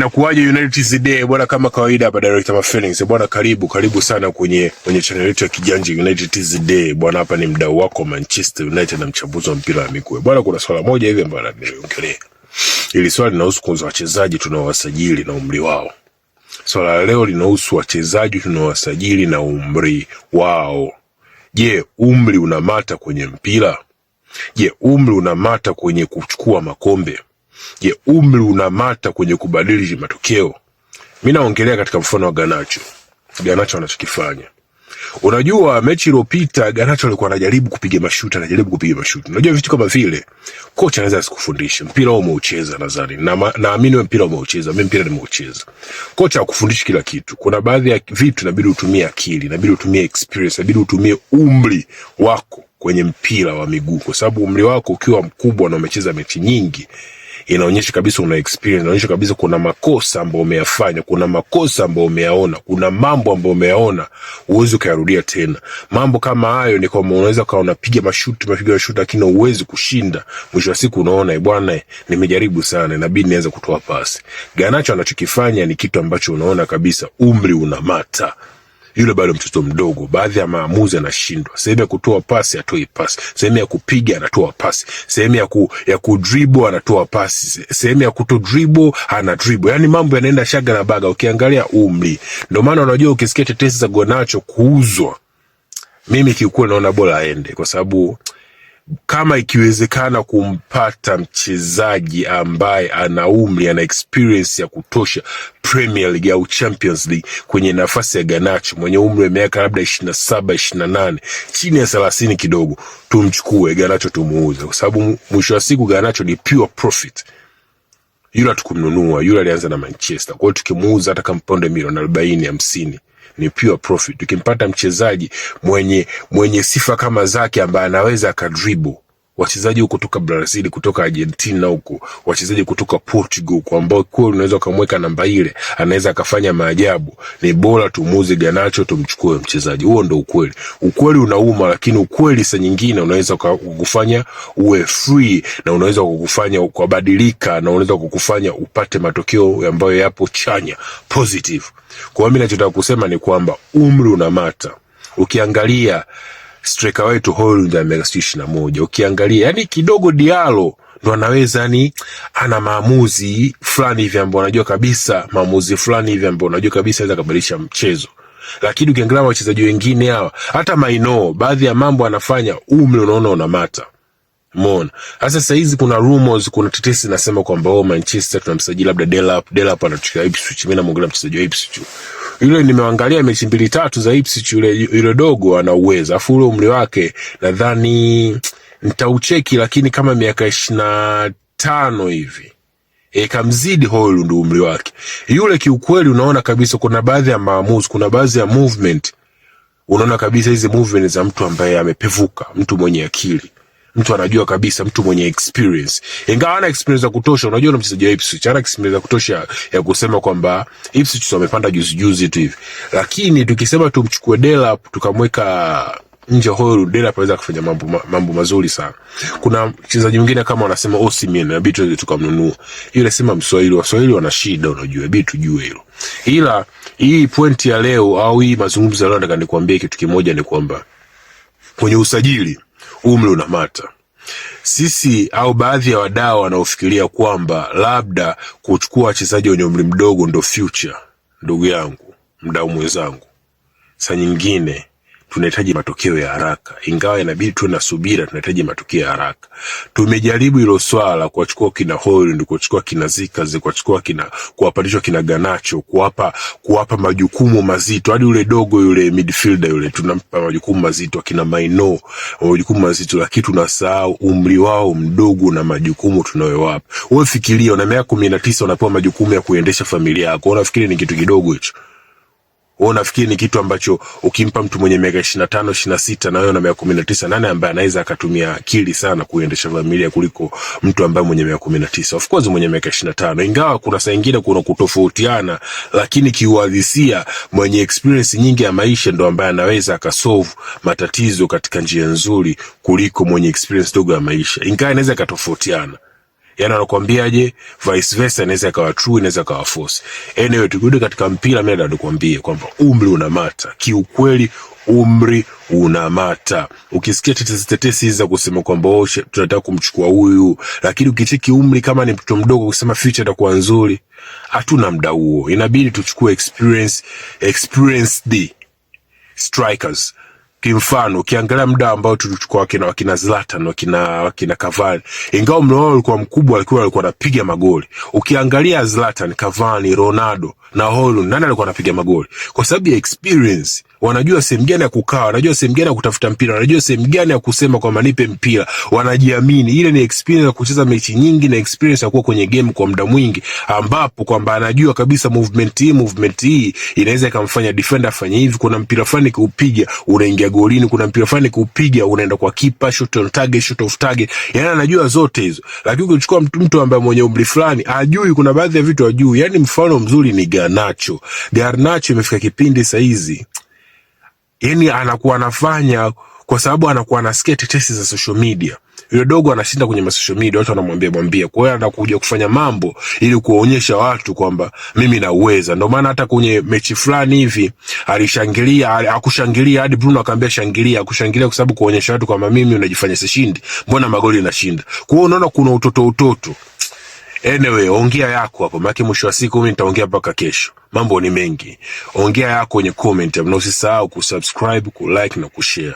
Nakuwaje United Today bwana, kama kawaida hapa director ma feelings bwana, karibu karibu sana kwenye kwenye channel yetu ya Kijanja United Today bwana. Hapa ni mdau wako Manchester United na mchambuzi wa mpira wa miguu bwana. Kuna swala moja hivi ambalo naliongelea, ili swala linahusu kwanza wachezaji tunaowasajili na umri wao. Swala la leo linahusu wachezaji tunaowasajili na umri wao. Je, umri unamata kwenye mpira? Je, umri unamata kwenye kuchukua makombe? Je umri unamata kwenye kubadili matokeo mi naongelea katika mfano wa Garnacho Garnacho anachokifanya Unajua mechi iliyopita Garnacho alikuwa anajaribu kupiga mashuti, anajaribu kupiga mashuti. Unajua vitu kama vile kocha anaweza asikufundishe. Mpira wewe umeucheza nadhani. naamini na mpira umeucheza, mimi mpira nimeucheza. Kocha akufundishi kila kitu. Kuna baadhi ya vitu inabidi utumie akili, inabidi utumie experience, inabidi utumie umri wako kwenye mpira wa miguu kwa sababu umri wako ukiwa mkubwa na umecheza mechi nyingi inaonyesha kabisa una experience, inaonyesha kabisa kuna makosa ambayo umeyafanya, kuna makosa ambayo umeyaona, kuna mambo ambayo umeyaona uwezi ukayarudia tena. Mambo kama hayo ni kwamba unaweza ukawa unapiga mashuti, mapiga mashuti, lakini huwezi kushinda. Mwisho wa siku unaona eh, bwana, nimejaribu sana, inabidi niweze kutoa pasi. Ganacho anachokifanya ni kitu ambacho unaona kabisa umri unamata yule bado mtoto mdogo, baadhi ya maamuzi anashindwa. Sehemu ya kutoa pasi atoi pasi, sehemu ya kupiga anatoa pasi, sehemu ya, ku, ya kudribo anatoa pasi, sehemu ya ana anadribo. Yani mambo yanaenda shaga na baga ukiangalia umri. Ndio maana unajua ukisikia tetesi za Gonacho kuuzwa, mimi kiukweli naona bora aende kwa sababu kama ikiwezekana kumpata mchezaji ambaye ana umri ana experience ya kutosha Premier League au Champions League kwenye nafasi ya Garnacho mwenye umri wa miaka labda 27 28 saba nane chini ya thelathini kidogo, tumchukue Garnacho tumuuze, kwa sababu mwisho wa siku Garnacho ni pure profit. Yule tukumnunua yule alianza na Manchester, kwa hiyo tukimuuza hata kama paundi milioni arobaini hamsini ni pure profit. Ukimpata mchezaji mwenye mwenye sifa kama zake ambaye anaweza akadribble wachezaji huko kutoka Brazil, kutoka Argentina huko, wachezaji kutoka Portugal huko, ambao kweli unaweza ukamweka namba ile, anaweza akafanya maajabu. Ni bora tumuuze Ganacho, tumchukue mchezaji huo. Ndo ukweli. Ukweli unauma, lakini ukweli saa nyingine unaweza kukufanya uwe free na unaweza kukufanya ukabadilika na unaweza kukufanya upate matokeo ambayo yapo chanya, positive. Kwa mimi nachotaka kusema ni kwamba umri unamata, ukiangalia striker wetu Holder miaka sijui ishirini na moja, ukiangalia yani kidogo Diallo ndo anaweza ni ana maamuzi fulani hivi ambao unajua kabisa maamuzi fulani hivi ambao unajua kabisa anaweza kubadilisha mchezo lakini ukiangalia wachezaji wengine hawa, hata Maino, baadhi ya mambo anafanya umri unaona unamata. Umeona sasa, saa hizi kuna rumors, kuna tetesi nasema kwamba oh, Manchester tunamsajili labda Delap, Delap anatoka Ipswich. Mimi namuongelea mchezaji wa Ipswich yule nimeangalia mechi mbili tatu za Ipswich, yule yule dogo ana uwezo, afu ule umri wake nadhani nitaucheki, lakini kama miaka ishirini na tano hivi E, kamzidi ndio umri wake yule. Kiukweli unaona kabisa kuna baadhi ya maamuzi, kuna baadhi ya movement unaona kabisa hizi movement za mtu ambaye amepevuka, mtu mwenye akili mtu anajua kabisa, mtu mwenye experience, ingawa ana experience ya kutosha. Unajua, mchezaji wa Ipswich ana experience ya kutosha ya kusema kwamba Ipswich wamepanda juzi juzi tu hivi, lakini tukisema tumchukue Dela tukamweka nje huyo Dela anaweza kufanya mambo mambo mazuri sana. Kuna mchezaji mwingine kama wanasema Osimhen, inabidi tuweze tukamnunua yule, sema Mswahili, Waswahili wana shida, unajua, inabidi tujue hilo. Ila hii pointi ya leo au hii mazungumzo ya leo, nataka nikwambie kitu kimoja, ni kwamba kwenye usajili umri unamata sisi au baadhi ya wadau wanaofikiria kwamba labda kuchukua wachezaji wenye umri mdogo ndo future. Ndugu yangu, mdau mwenzangu, saa nyingine tunahitaji matokeo ya haraka, ingawa inabidi tuwe na subira, tunahitaji matokeo ya haraka. Tumejaribu hilo swala kuwachukua kina Holland, kuwachukua kina Zikazi, kuwachukua kina kuwapandishwa kina Ganacho, kuwapa kuwapa majukumu mazito, hadi yule dogo yule midfielder yule tunampa majukumu mazito, akina Maino majukumu mazito, lakini tunasahau umri wao mdogo na majukumu tunayowapa. Wewe fikiria, una miaka kumi na tisa unapewa majukumu ya kuendesha familia yako, unafikiri ni kitu kidogo hicho? Wewe unafikiri ni kitu ambacho ukimpa mtu mwenye miaka 25, 26 na wewe una miaka kumi na tisa nani ambaye anaweza akatumia akili sana kuendesha familia kuliko mtu ambaye mwenye miaka kumi 19? Of course mwenye miaka tano ingawa kuna saa ingine kuna kutofautiana, lakini kiuhalisia mwenye experience nyingi ya maisha ndo ambaye anaweza akasolve matatizo katika njia nzuri kuliko mwenye experience dogo ya maisha, ingawa inaweza ikatofautiana yani anakuambiaje, vice versa inaweza ikawa true, inaweza ikawa false. Anyway, tukirudi katika mpira, mimi nataka kwamba umri unamata. Kiukweli umri unamata. Ukisikia tetesi tetesi za kusema kwamba oh, tunataka kumchukua huyu, lakini ukicheki umri, kama ni mtoto mdogo, kusema future itakuwa nzuri, hatuna muda huo. Inabidi tuchukue experience experienced strikers Kimfano, ukiangalia muda ambao tulichukua wakina wakina Zlatan wakina wakina Cavani, ingawa umri wao ulikuwa mkubwa, alikuwa alikuwa anapiga magoli. Ukiangalia Zlatan, Cavani, Ronaldo na holu nani alikuwa anapiga magoli? Kwa sababu ya experience wanajua sehemu gani ya kukaa, wanajua sehemu gani ya kutafuta mpira, wanajua sehemu gani ya kusema kwamba nipe mpira, wanajiamini. Ile ni experience ya kucheza mechi nyingi na experience ya kuwa kwenye game kwa muda mwingi, ambapo kwamba anajua kabisa movement hii, movement hii inaweza ikamfanya defender afanye hivi. Kuna mpira fulani kiupiga unaingia golini, kuna mpira fulani kiupiga unaenda kwa kipa, shot on target, shot off target, yani anajua zote hizo. Lakini ukichukua mtu mtu ambaye mwenye umri fulani ajui, kuna baadhi ya vitu ajui. Yani mfano mzuri ni Garnacho. Garnacho imefika kipindi hizi yani anakuwa anafanya kwa sababu anakuwa anasikia tetesi za social media. Yule dogo anashinda kwenye ma social media, watu wanamwambia mwambia. Kwa hiyo anakuja kufanya mambo ili kuwaonyesha watu kwamba mimi nauweza. Ndio maana hata kwenye mechi fulani hivi alishangilia, akushangilia hadi Bruno akamwambia shangilia, akushangilia kwa sababu kuonyesha watu kwamba mimi unajifanya sishindi, mbona magoli nashinda. Kwa hiyo unaona kuna utoto utoto Anyway, ongea yako hapo, maana mwisho wa siku mimi nitaongea mpaka kesho, mambo ni mengi. Ongea yako kwenye comment na usisahau kusubscribe, kulike na kushare.